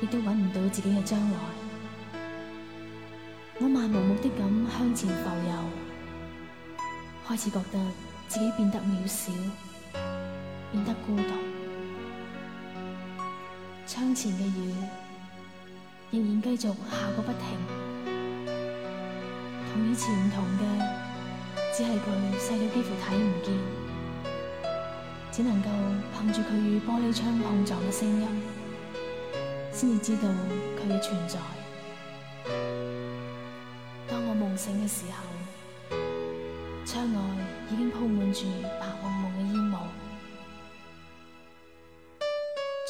亦都揾唔到自己嘅將來，我漫無目的咁向前浮游，開始覺得自己變得渺小，變得孤獨。窗前嘅雨仍然繼續下個不停，同以前唔同嘅，只係佢細到幾乎睇唔見，只能夠憑住佢與玻璃窗碰撞嘅聲音。先至知道佢嘅存在。當我夢醒嘅時候，窗外已經鋪滿住白蒙蒙嘅煙霧。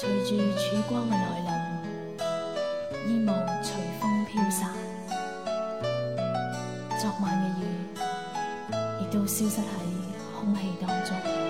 隨住曙光嘅來臨，煙霧隨風飄散，昨晚嘅雨亦都消失喺空氣當中。